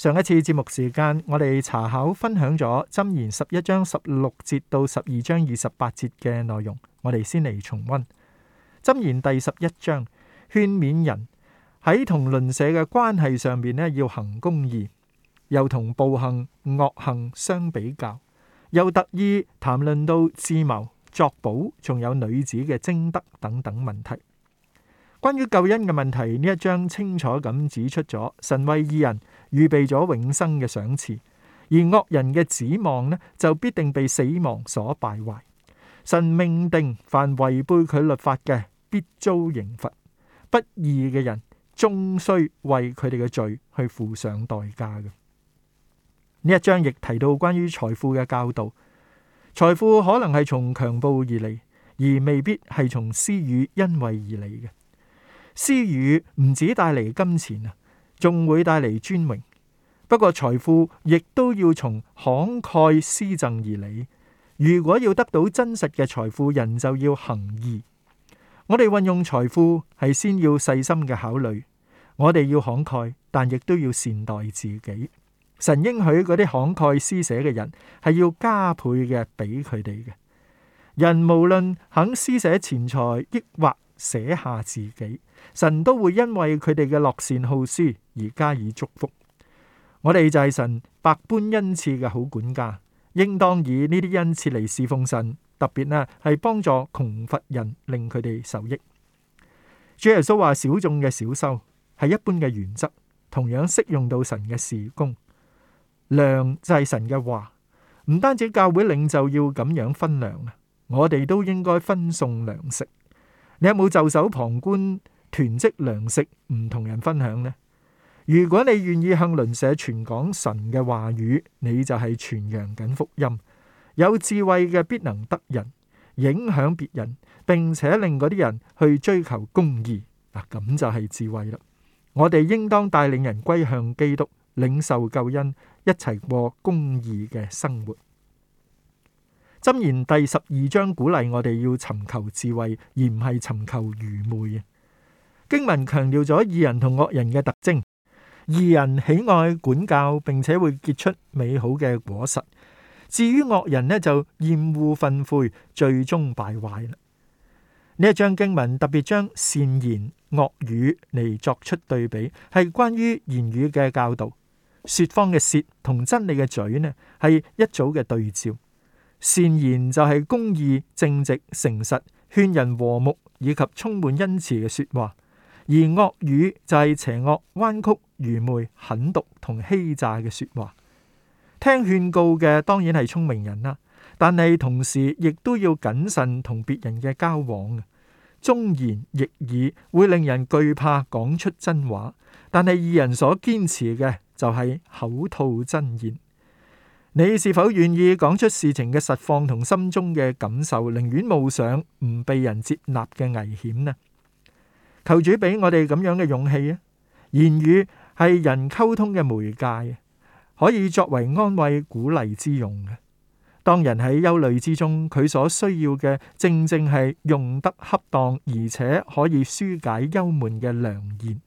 上一次節目時間，我哋查考分享咗《箴言》十一章十六節到十二章二十八節嘅內容。我哋先嚟重温《箴言》第十一章，勸勉人喺同鄰舍嘅關係上面呢要行公義，又同暴行、惡行相比較，又特意談論到智謀、作保，仲有女子嘅貞德等等問題。關於救恩嘅問題，呢一章清楚咁指出咗神為義人預備咗永生嘅賞賜，而惡人嘅指望呢，就必定被死亡所敗壞。神命定犯違背佢律法嘅必遭刑罰，不義嘅人終須為佢哋嘅罪去付上代價嘅。呢一章亦提到關於財富嘅教導，財富可能係從強暴而嚟，而未必係從私語恩惠而嚟嘅。私語唔止帶嚟金錢啊！仲會帶嚟尊榮，不過財富亦都要從慷慨施贈而嚟。如果要得到真實嘅財富，人就要行義。我哋運用財富係先要細心嘅考慮。我哋要慷慨，但亦都要善待自己。神應許嗰啲慷慨施捨嘅人係要加倍嘅俾佢哋嘅。人無論肯施捨錢財，抑或捨下自己。神都會因為佢哋嘅樂善好施而加以祝福。我哋就係神百般恩賜嘅好管家，應當以呢啲恩賜嚟侍奉神，特別呢係幫助窮乏人，令佢哋受益。主耶穌話：小眾嘅小修係一般嘅原則，同樣適用到神嘅事工。糧就係神嘅話，唔單止教會領袖要咁樣分糧啊，我哋都應該分送糧食。你有冇袖手旁觀？囤積糧食唔同人分享呢。如果你願意向鄰舍傳講神嘅話語，你就係傳揚緊福音。有智慧嘅必能得人，影響別人，並且令嗰啲人去追求公義。嗱，噉就係智慧啦。我哋應當帶領人歸向基督，領受救恩，一齊過公義嘅生活。箴言第十二章鼓勵我哋要尋求智慧，而唔係尋求愚昧啊！經文強調咗義人同惡人嘅特徵。義人喜愛管教，並且會結出美好嘅果實；至於惡人咧，就厭惡、憤悔，最終敗壞啦。呢一章經文特別將善言、惡語嚟，作出對比，係關於言語嘅教導。說謊嘅舌同真理嘅嘴呢，係一組嘅對照。善言就係公義、正直、誠實、勸人和睦以及充滿恩慈嘅說話。而惡語就係邪惡、彎曲、愚昧、狠毒同欺詐嘅説話。聽勸告嘅當然係聰明人啦，但係同時亦都要謹慎同別人嘅交往。忠言逆耳會令人懼怕講出真話，但係二人所堅持嘅就係口吐真言。你是否願意講出事情嘅實況同心中嘅感受，寧願冒上唔被人接納嘅危險呢？求主俾我哋咁樣嘅勇氣啊！言語係人溝通嘅媒介，可以作為安慰鼓勵之用嘅。當人喺憂慮之中，佢所需要嘅正正係用得恰當，而且可以紓解憂悶嘅良言。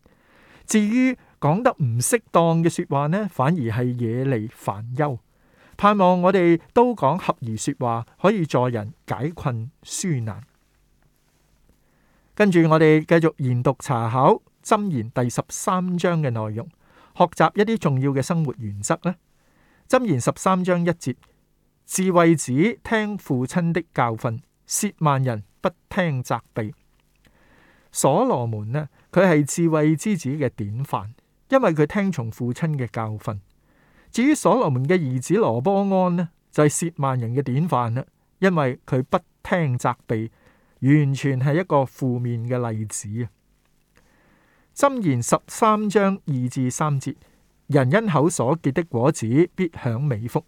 至於講得唔適當嘅說話呢，反而係惹嚟煩憂。盼望我哋都講合宜說話，可以助人解困舒難。跟住我哋繼續研讀查考《箴言》第十三章嘅內容，學習一啲重要嘅生活原則呢。《箴言》十三章一節：智慧子聽父親的教訓，褻慢人不聽責備。所羅門呢，佢係智慧之子嘅典範，因為佢聽從父親嘅教訓。至於所羅門嘅兒子羅波安呢，就係褻慢人嘅典範啦，因為佢不聽責備。完全係一個負面嘅例子啊！《箴言》十三章二至三節：人因口所結的果子必享美福；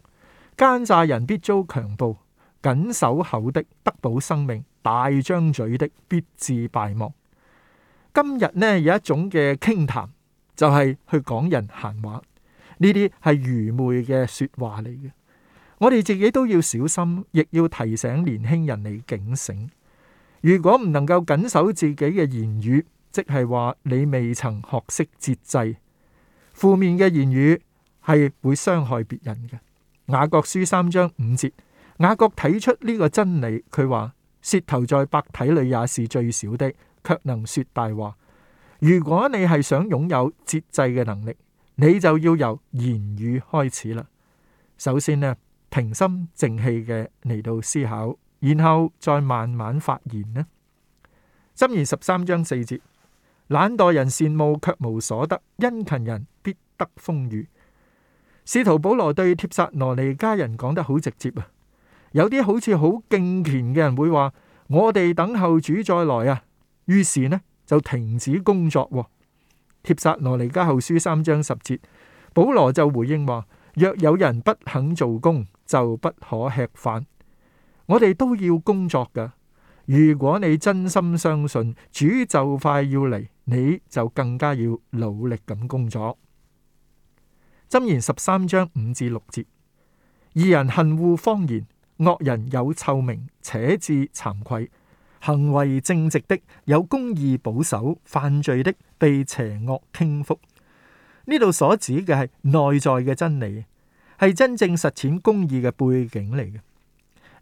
奸詐人必遭強暴。謹守口的得保生命，大張嘴的必致敗亡。今日呢，有一種嘅傾談，就係去講人閒話，呢啲係愚昧嘅說話嚟嘅。我哋自己都要小心，亦要提醒年輕人嚟警醒。如果唔能夠緊守自己嘅言語，即係話你未曾學識節制，負面嘅言語係會傷害別人嘅。雅各書三章五節，雅各睇出呢個真理，佢話舌頭在百體裏也是最小的，卻能說大話。如果你係想擁有節制嘅能力，你就要由言語開始啦。首先呢，平心靜氣嘅嚟到思考。然後再慢慢發言呢？箴言十三章四節：懶惰人羨慕卻無所得，殷勤人必得豐裕。」使徒保羅對帖撒羅尼加人講得好直接啊！有啲好似好敬虔嘅人會話：我哋等候主再來啊！於是呢就停止工作。帖撒羅尼加後書三章十節，保羅就回應話：若有人不肯做工，就不可吃飯。我哋都要工作㗎。如果你真心相信主就快要嚟，你就更加要努力咁工作。箴言十三章五至六節：二人恨惡謊言，惡人有臭名，且至慚愧；行為正直的有公義保守，犯罪的被邪惡傾覆。呢度所指嘅係內在嘅真理，係真正實踐公義嘅背景嚟嘅。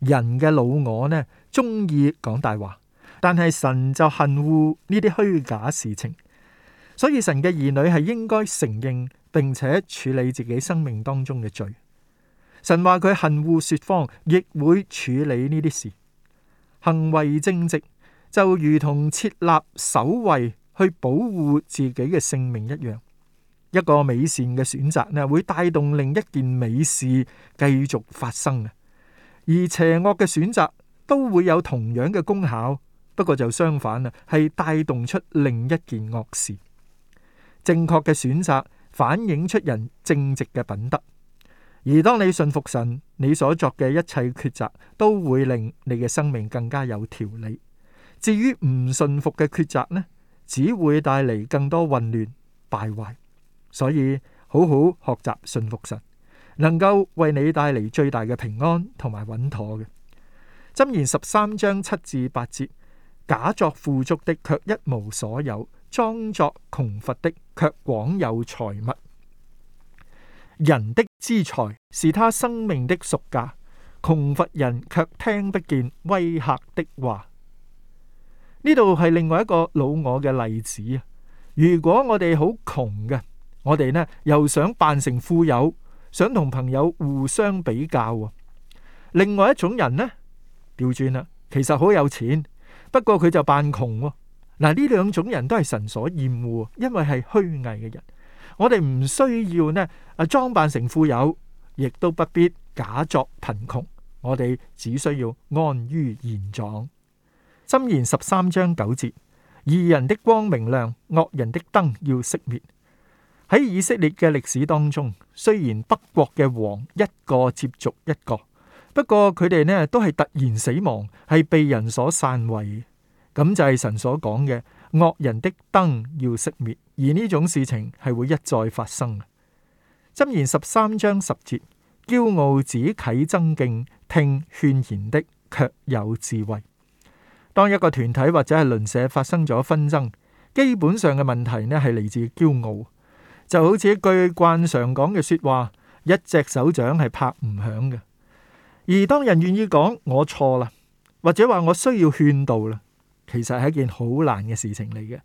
人嘅老我呢，中意講大話，但係神就恨惡呢啲虛假事情，所以神嘅兒女係應該承認並且處理自己生命當中嘅罪。神話佢恨惡說謊，亦會處理呢啲事，行為正直就如同設立守衛去保護自己嘅性命一樣。一個美善嘅選擇呢，會帶動另一件美事繼續發生。而邪惡嘅選擇都會有同樣嘅功效，不過就相反啦，係帶動出另一件惡事。正確嘅選擇反映出人正直嘅品德，而當你信服神，你所作嘅一切抉擇都會令你嘅生命更加有條理。至於唔信服嘅抉擇呢，只會帶嚟更多混亂、敗壞。所以，好好學習信服神。能夠為你帶嚟最大嘅平安同埋穩妥嘅。箴言十三章七至八節，假作富足的，卻一無所有；裝作窮乏的，卻廣有財物。人的資財是他生命的贖價。窮乏人卻聽不見威吓的話。呢度係另外一個老我嘅例子。如果我哋好窮嘅，我哋呢又想扮成富有。想同朋友互相比較啊！另外一種人呢，調轉啦，其實好有錢，不過佢就扮窮喎。嗱，呢兩種人都係神所厭惡，因為係虛偽嘅人。我哋唔需要呢啊裝扮成富有，亦都不必假作貧窮。我哋只需要安於現狀。箴言十三章九節：義人的光明亮，惡人的燈要熄滅。喺以色列嘅歷史當中，雖然北國嘅王一個接續一個，不過佢哋咧都係突然死亡，係被人所散位。咁就係神所講嘅惡人的燈要熄滅，而呢種事情係會一再發生。箴言十三章十節：驕傲只啟爭競，聽勸言的却有智慧。當一個團體或者係鄰舍發生咗紛爭，基本上嘅問題咧係嚟自驕傲。就好似一句慣常講嘅說話，一隻手掌係拍唔響嘅。而當人願意講我錯啦，或者話我需要勸導啦，其實係一件好難嘅事情嚟嘅，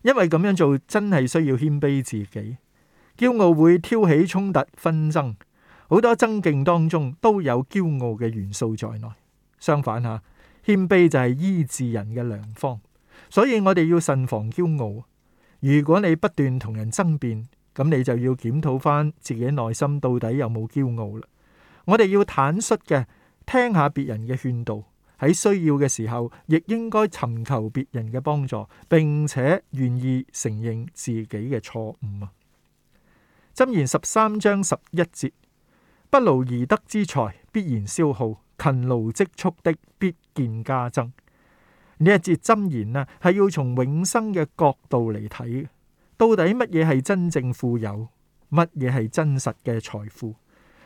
因為咁樣做真係需要謙卑自己。驕傲會挑起衝突紛爭，好多爭競當中都有驕傲嘅元素在內。相反吓，謙卑就係醫治人嘅良方。所以我哋要慎防驕傲。如果你不斷同人爭辯，咁你就要檢討返自己內心到底有冇驕傲啦。我哋要坦率嘅聽下別人嘅勸導，喺需要嘅時候亦應該尋求別人嘅幫助，並且願意承認自己嘅錯誤啊。箴言十三章十一節：不勞而得之財必然消耗，勤勞積蓄的必見加增。呢一節箴言啊，係要從永生嘅角度嚟睇。到底乜嘢係真正富有？乜嘢係真實嘅財富？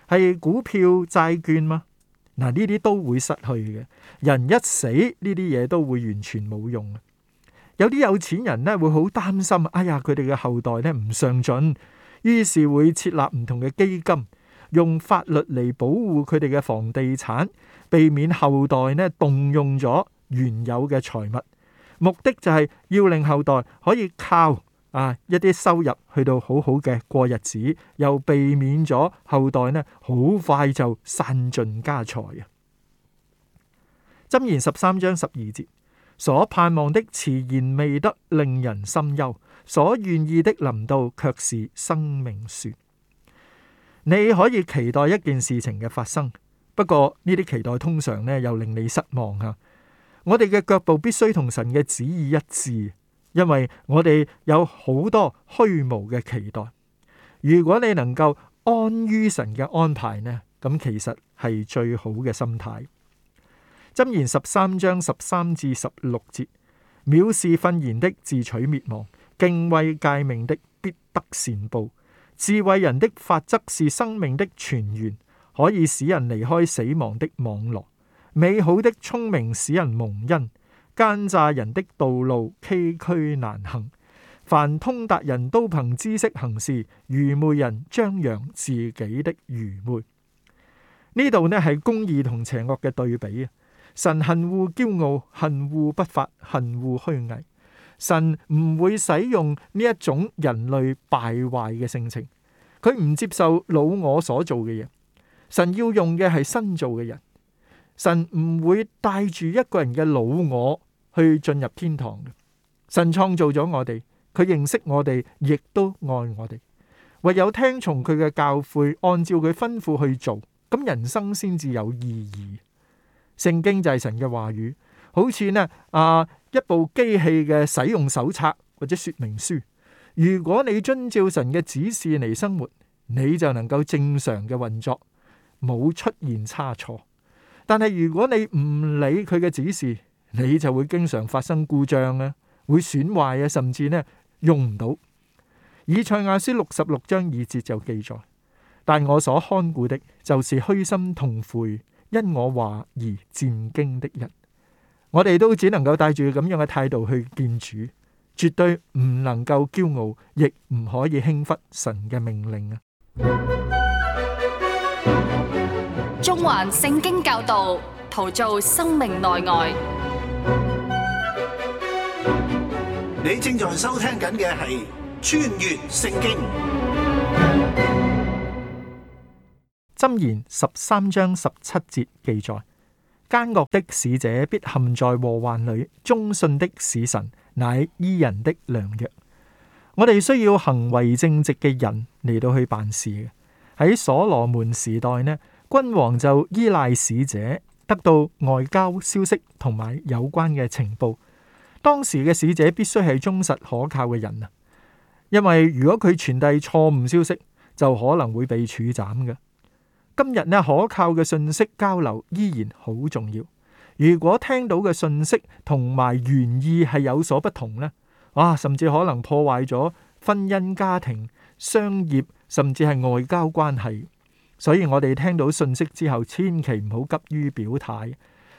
係股票債券嗎？嗱，呢啲都會失去嘅。人一死，呢啲嘢都會完全冇用。有啲有錢人呢會好擔心，哎呀，佢哋嘅後代呢唔上進，於是會設立唔同嘅基金，用法律嚟保護佢哋嘅房地產，避免後代呢動用咗原有嘅財物。目的就係要令後代可以靠。啊！一啲收入去到好好嘅過日子，又避免咗後代呢，好快就散盡家財啊！箴言十三章十二節：所盼望的遲延未得，令人心憂；所願意的臨到，卻是生命樹。你可以期待一件事情嘅發生，不過呢啲期待通常呢又令你失望啊！我哋嘅腳步必須同神嘅旨意一致。因為我哋有好多虛無嘅期待，如果你能夠安於神嘅安排呢，咁其實係最好嘅心態。箴言十三章十三至十六節：藐視訓言的自取滅亡，敬畏誡命的必得善報。智慧人的法則是生命的泉源，可以使人離開死亡的網絡。美好的聰明使人蒙恩。奸詐人的道路崎嶇難行，凡通達人都憑知識行事，愚昧人張揚自己的愚昧。呢度呢係公義同邪惡嘅對比啊！神恨惡驕傲，恨惡不法，恨惡虛偽。神唔會使用呢一種人類敗壞嘅性情，佢唔接受老我所做嘅嘢。神要用嘅係新造嘅人，神唔會帶住一個人嘅老我去進入天堂嘅，神創造咗我哋，佢認識我哋，亦都愛我哋。唯有聽從佢嘅教誨，按照佢吩咐去做，咁人生先至有意義。聖經就係神嘅話語，好似呢啊一部機器嘅使用手冊或者說明書。如果你遵照神嘅指示嚟生活，你就能夠正常嘅運作，冇出現差錯。但係如果你唔理佢嘅指示，你就會經常發生故障啊，會損壞啊，甚至呢，用唔到。以賽亞書六十六章二節就記載：「但我所看顧的就是虛心痛悔、因我話而戰驚的人。我哋都只能夠帶住咁樣嘅態度去見主，絕對唔能夠驕傲，亦唔可以輕忽神嘅命令啊！中環聖經教導，陶造生命內外。你正在收聽緊嘅係《穿越聖經》。箴言十三章十七節記載：奸惡的使者必陷在禍患裏，忠信的使臣乃醫人的良藥。我哋需要行為正直嘅人嚟到去辦事嘅。喺所羅門時代呢，君王就依賴使者得到外交消息同埋有關嘅情報。當時嘅使者必須係忠實可靠嘅人啊，因為如果佢傳遞錯誤消息，就可能會被處斬㗎。今日呢，可靠嘅信息交流依然好重要。如果聽到嘅信息同埋原意係有所不同呢，啊，甚至可能破壞咗婚姻、家庭、商業，甚至係外交關係。所以我哋聽到信息之後，千祈唔好急於表態。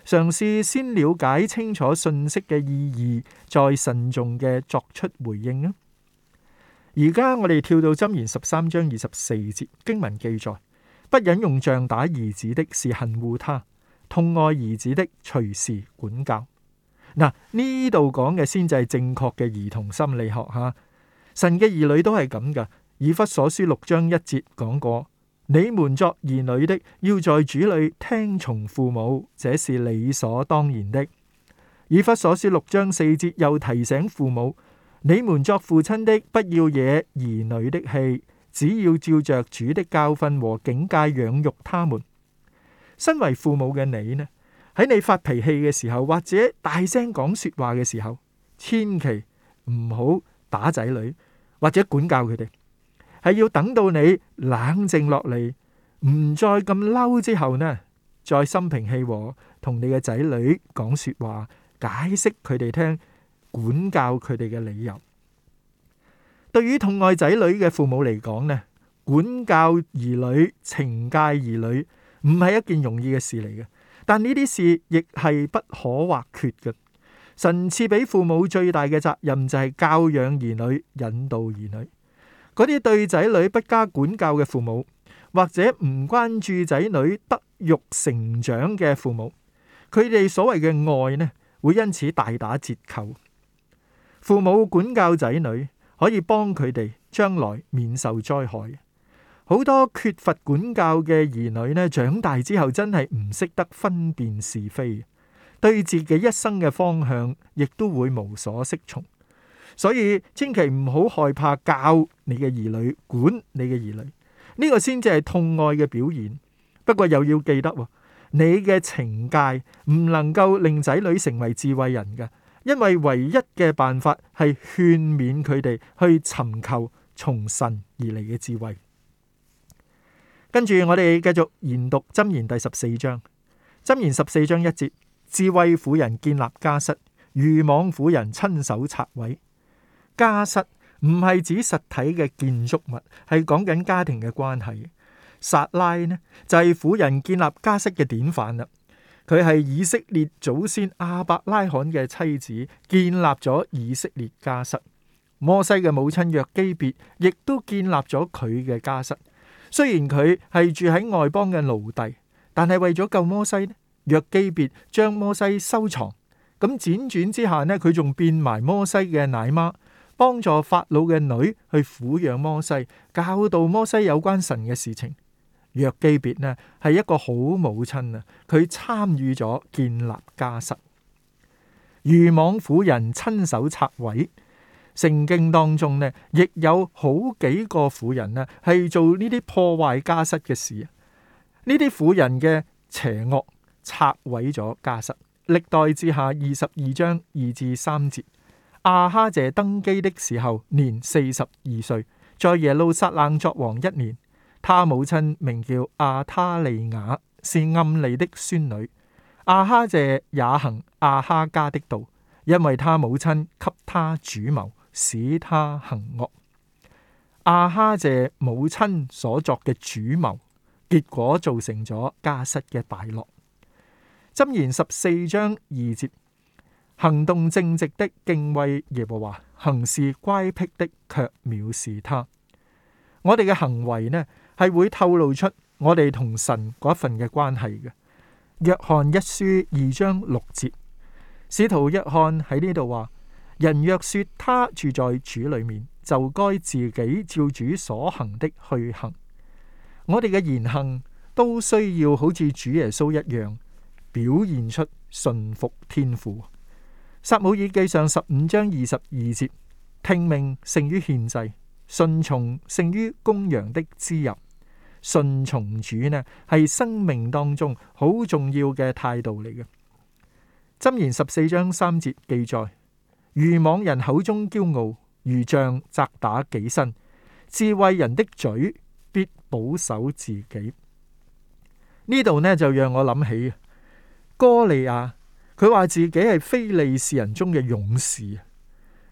嘗試先了解清楚信息嘅意義，再慎重嘅作出回應啊！而家我哋跳到《箴言》十三章二十四節，經文記載：不忍用杖打兒子的是恨護他，痛愛兒子的隨時管教。嗱，呢度講嘅先至係正確嘅兒童心理學吓，神嘅兒女都係咁噶。以弗所書六章一節講過。你們作兒女的，要在主裏聽從父母，這是理所當然的。以弗所書六章四節又提醒父母：你們作父親的，不要惹兒女，女的氣，只要照着主的教訓和警戒養育他們。身為父母嘅你呢？喺你發脾氣嘅時候，或者大聲講說話嘅時候，千祈唔好打仔女，或者管教佢哋。係要等到你冷靜落嚟，唔再咁嬲之後呢，再心平氣和同你嘅仔女講說話，解釋佢哋聽，管教佢哋嘅理由。對於疼愛仔女嘅父母嚟講呢，管教兒女、懲戒兒女，唔係一件容易嘅事嚟嘅。但呢啲事亦係不可或缺嘅。神賜俾父母最大嘅責任就係教養兒女、引導兒女。嗰啲對仔女不加管教嘅父母，或者唔關注仔女德育成長嘅父母，佢哋所謂嘅愛呢，會因此大打折扣。父母管教仔女，可以幫佢哋將來免受災害。好多缺乏管教嘅兒女呢，長大之後真係唔識得分辨是非，對自己一生嘅方向，亦都會無所適從。所以千祈唔好害怕教你嘅兒女，管你嘅兒女，呢個先至係痛愛嘅表現。不過又要記得，你嘅懲戒唔能夠令仔女成為智慧人嘅，因為唯一嘅辦法係勸勉佢哋去尋求從神而嚟嘅智慧。跟住我哋繼續研讀《箴言》第十四章，《箴言》十四章一節：智慧婦人建立家室，愚妄婦人親手拆毀。家室唔係指實體嘅建築物，係講緊家庭嘅關係。撒拉呢就係、是、婦人建立家室嘅典範啦。佢係以色列祖先亞伯拉罕嘅妻子，建立咗以色列家室。摩西嘅母親約基別亦都建立咗佢嘅家室。雖然佢係住喺外邦嘅奴隸，但係為咗救摩西呢，約基別將摩西收藏。咁輾轉之下呢，佢仲變埋摩西嘅奶媽。幫助法老嘅女去撫養摩西，教導摩西有關神嘅事情。約基別呢係一個好母親啊，佢參與咗建立家室。愚妄婦人親手拆毀。聖經當中呢亦有好幾個婦人呢係做呢啲破壞家室嘅事。呢啲婦人嘅邪惡拆毀咗家室。歷代志下二十二章二至三節。亞哈謝登基的時候，年四十二歲，在耶路撒冷作王一年。他母親名叫亞他利雅，是暗利的孫女。亞哈謝也行亞哈家的道，因為他母親給他主謀，使他行惡。亞哈謝母親所作嘅主謀，結果造成咗家室嘅敗落。箴言十四章二節。行動正直的敬畏耶和華，行事乖僻的卻藐視他。我哋嘅行為呢，係會透露出我哋同神嗰一份嘅關係嘅。約翰一書二章六節，使徒約翰喺呢度話：人若說他住在主裏面，就該自己照主所行的去行。我哋嘅言行都需要好似主耶穌一樣，表現出順服天父。撒母耳記上十五章二十二節，聽命勝於獻祭，順從勝於公羊的脂油。」順從主呢，係生命當中好重要嘅態度嚟嘅。箴言十四章三節記載：愚妄人口中驕傲，如杖責打己身；智慧人的嘴必保守自己。呢度呢就讓我諗起哥利亞。佢話自己係非利士人中嘅勇士。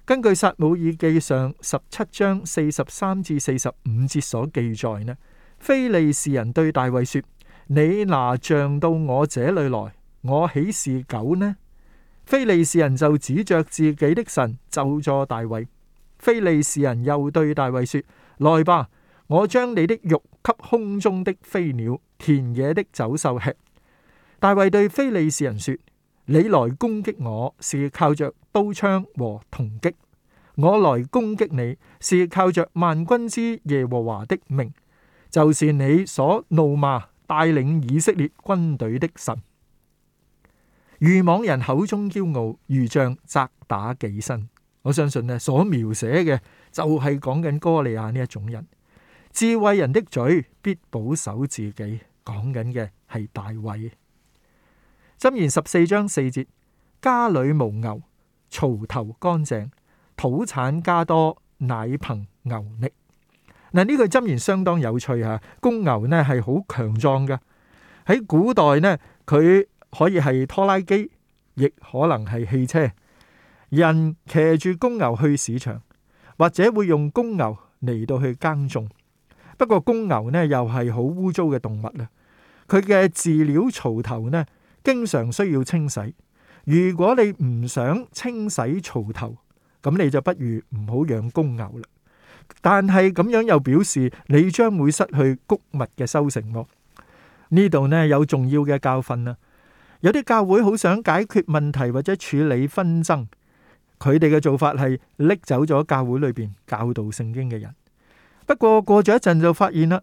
根據撒母耳記上十七章四十三至四十五節所記載呢，非利士人對大衛說：你拿杖到我這裏來，我豈是狗呢？非利士人就指着自己的神咒詛大衛。非利士人又對大衛說：來吧，我將你的肉給空中的飛鳥、田野的走獸吃。大衛對非利士人說：你來攻擊我是靠着刀槍和銅戟，我來攻擊你是靠着萬軍之耶和華的名，就是你所怒罵帶領以色列軍隊的神。愚妄人口中驕傲，如杖責打己身。我相信咧，所描寫嘅就係講緊哥利亞呢一種人。智慧人的嘴必保守自己，講緊嘅係大衛。箴言十四章四節：家裏無牛，槽頭乾淨，土產加多，乃憑牛力。嗱，呢句箴言相當有趣吓。公牛呢係好強壯嘅，喺古代呢，佢可以係拖拉機，亦可能係汽車。人騎住公牛去市場，或者會用公牛嚟到去耕種。不過公牛呢又係好污糟嘅動物啦，佢嘅飼料槽頭呢，經常需要清洗。如果你唔想清洗槽頭，咁你就不如唔好養公牛啦。但係咁樣又表示你將會失去穀物嘅收成。呢度呢有重要嘅教訓啦。有啲教會好想解決問題或者處理紛爭，佢哋嘅做法係拎走咗教會裏邊教導聖經嘅人。不過過咗一陣就發現啦，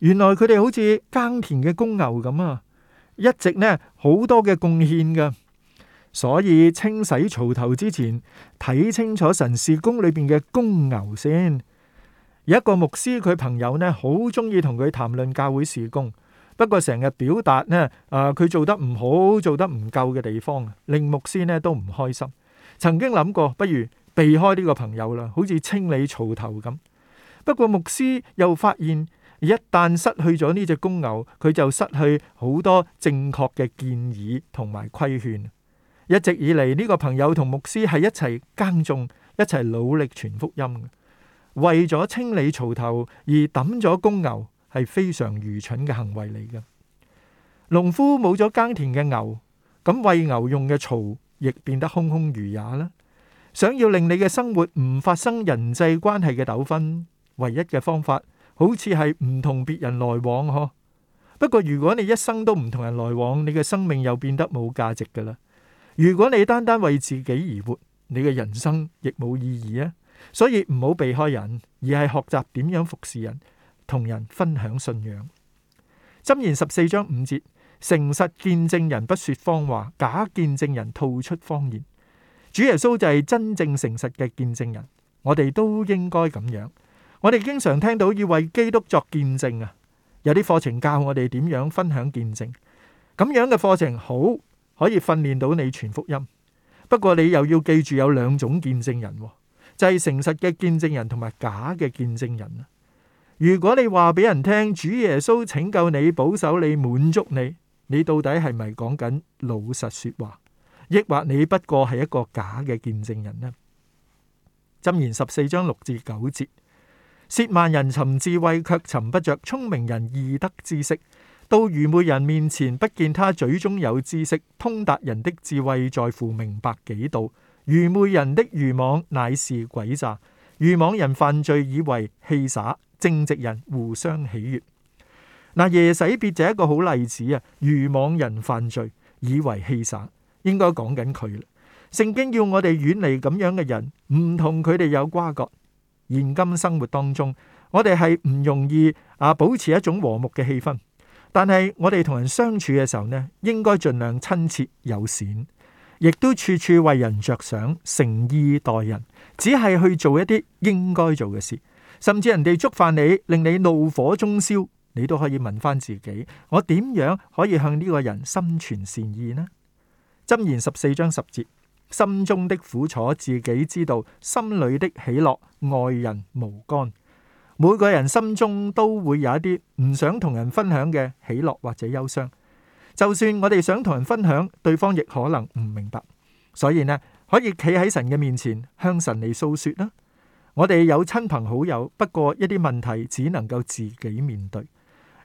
原來佢哋好似耕田嘅公牛咁啊！一直呢好多嘅貢獻噶，所以清洗槽頭之前，睇清楚神事工裏邊嘅公牛先。有一個牧師佢朋友呢好中意同佢談論教會事工，不過成日表達呢，啊佢做得唔好，做得唔夠嘅地方，令牧師呢都唔開心。曾經諗過，不如避開呢個朋友啦，好似清理槽頭咁。不過牧師又發現。一旦失去咗呢隻公牛，佢就失去好多正確嘅建議同埋規勸。一直以嚟呢個朋友同牧師係一齊耕種，一齊努力傳福音嘅。為咗清理槽頭而抌咗公牛，係非常愚蠢嘅行為嚟嘅。農夫冇咗耕田嘅牛，咁喂牛用嘅槽亦變得空空如也啦。想要令你嘅生活唔發生人際關係嘅糾紛，唯一嘅方法。好似係唔同別人來往呵，不過如果你一生都唔同人來往，你嘅生命又變得冇價值㗎喇。如果你單單為自己而活，你嘅人生亦冇意義啊。所以唔好避開人，而係學習點樣服侍人，同人分享信仰。箴言十四章五節：誠實見證人不說謊話，假見證人吐出謊言。主耶穌就係真正誠實嘅見證人，我哋都應該咁樣。我哋經常聽到要為基督作見證啊，有啲課程教我哋點樣分享見證，咁樣嘅課程好可以訓練到你傳福音。不過你又要記住有兩種見證人，就係誠實嘅見證人同埋假嘅見證人啦。如果你話俾人聽主耶穌拯救你、保守你、滿足你，你到底係咪講緊老實說話，抑或你不過係一個假嘅見證人呢？箴言十四章六至九節。涉褻慢人尋智慧，卻尋不着；聰明人易得知識，到愚昧人面前，不見他嘴中有知識。通達人的智慧，在乎明白己道。愚昧人的愚妄，乃是詭詐。愚妄人犯罪，以為戲耍；正直人互相喜悦。嗱，耶洗別就一個好例子啊！愚妄人犯罪，以為戲耍，應該講緊佢啦。聖經要我哋遠離咁樣嘅人，唔同佢哋有瓜葛。現今生活當中，我哋係唔容易啊保持一種和睦嘅氣氛。但係我哋同人相處嘅時候呢，應該盡量親切友善，亦都處處為人着想，誠意待人，只係去做一啲應該做嘅事。甚至人哋觸犯你，令你怒火中燒，你都可以問翻自己：我點樣可以向呢個人心存善意呢？《箴言》十四章十節。心中的苦楚自己知道，心裏的喜樂外人無干。每個人心中都會有一啲唔想同人分享嘅喜樂或者憂傷。就算我哋想同人分享，對方亦可能唔明白。所以呢，可以企喺神嘅面前向神嚟訴說啦。我哋有親朋好友，不過一啲問題只能夠自己面對。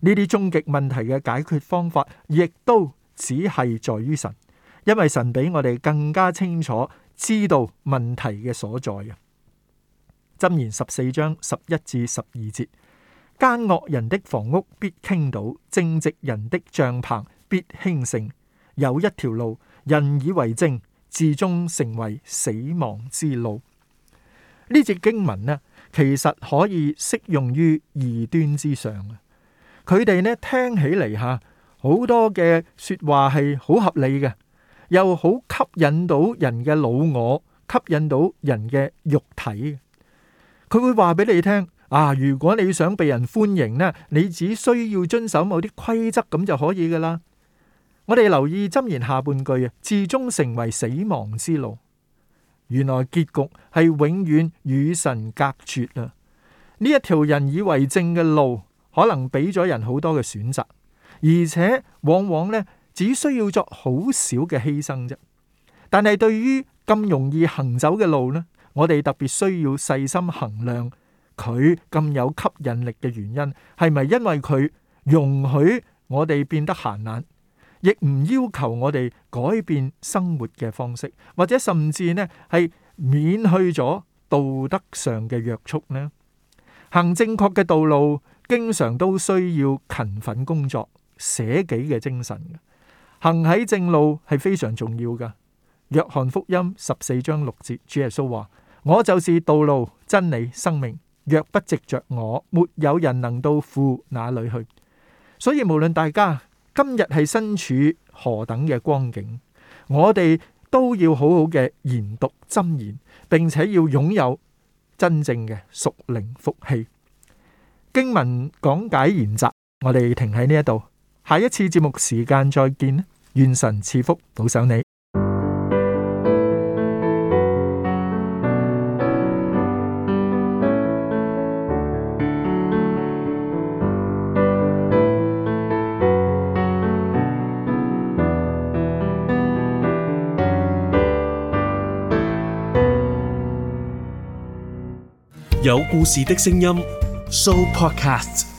呢啲終極問題嘅解決方法，亦都只係在於神。因為神比我哋更加清楚知道問題嘅所在啊，箴言十四章十一至十二節：奸惡人的房屋必傾倒，正直人的帳篷必興盛。有一條路，人以為正，至終成為死亡之路。呢節經文呢，其實可以適用於異端之上。佢哋呢聽起嚟吓，好多嘅說話係好合理嘅。又好吸引到人嘅老我，吸引到人嘅肉體。佢會話俾你聽啊！如果你想被人歡迎呢，你只需要遵守某啲規則，咁就可以噶啦。我哋留意箴言下半句啊，至終成為死亡之路。原來結局係永遠與神隔絕啊！呢一條人以為正嘅路，可能俾咗人好多嘅選擇，而且往往呢。只需要作好少嘅犧牲啫，但係對於咁容易行走嘅路呢，我哋特別需要細心衡量佢咁有吸引力嘅原因，係咪因為佢容許我哋變得閒懶，亦唔要求我哋改變生活嘅方式，或者甚至呢係免去咗道德上嘅約束呢？行正確嘅道路，經常都需要勤奮工作、捨己嘅精神。行喺正路係非常重要噶約翰福音十四章六節，主耶穌話：我就是道路、真理、生命，若不藉着我，沒有人能到父那裏去。所以無論大家今日係身處何等嘅光景，我哋都要好好嘅研讀箴言，並且要擁有真正嘅屬靈福氣。經文講解研習，我哋停喺呢一度，下一次節目時間再見。願神賜福，保守你。有故事的聲音，Show Podcast。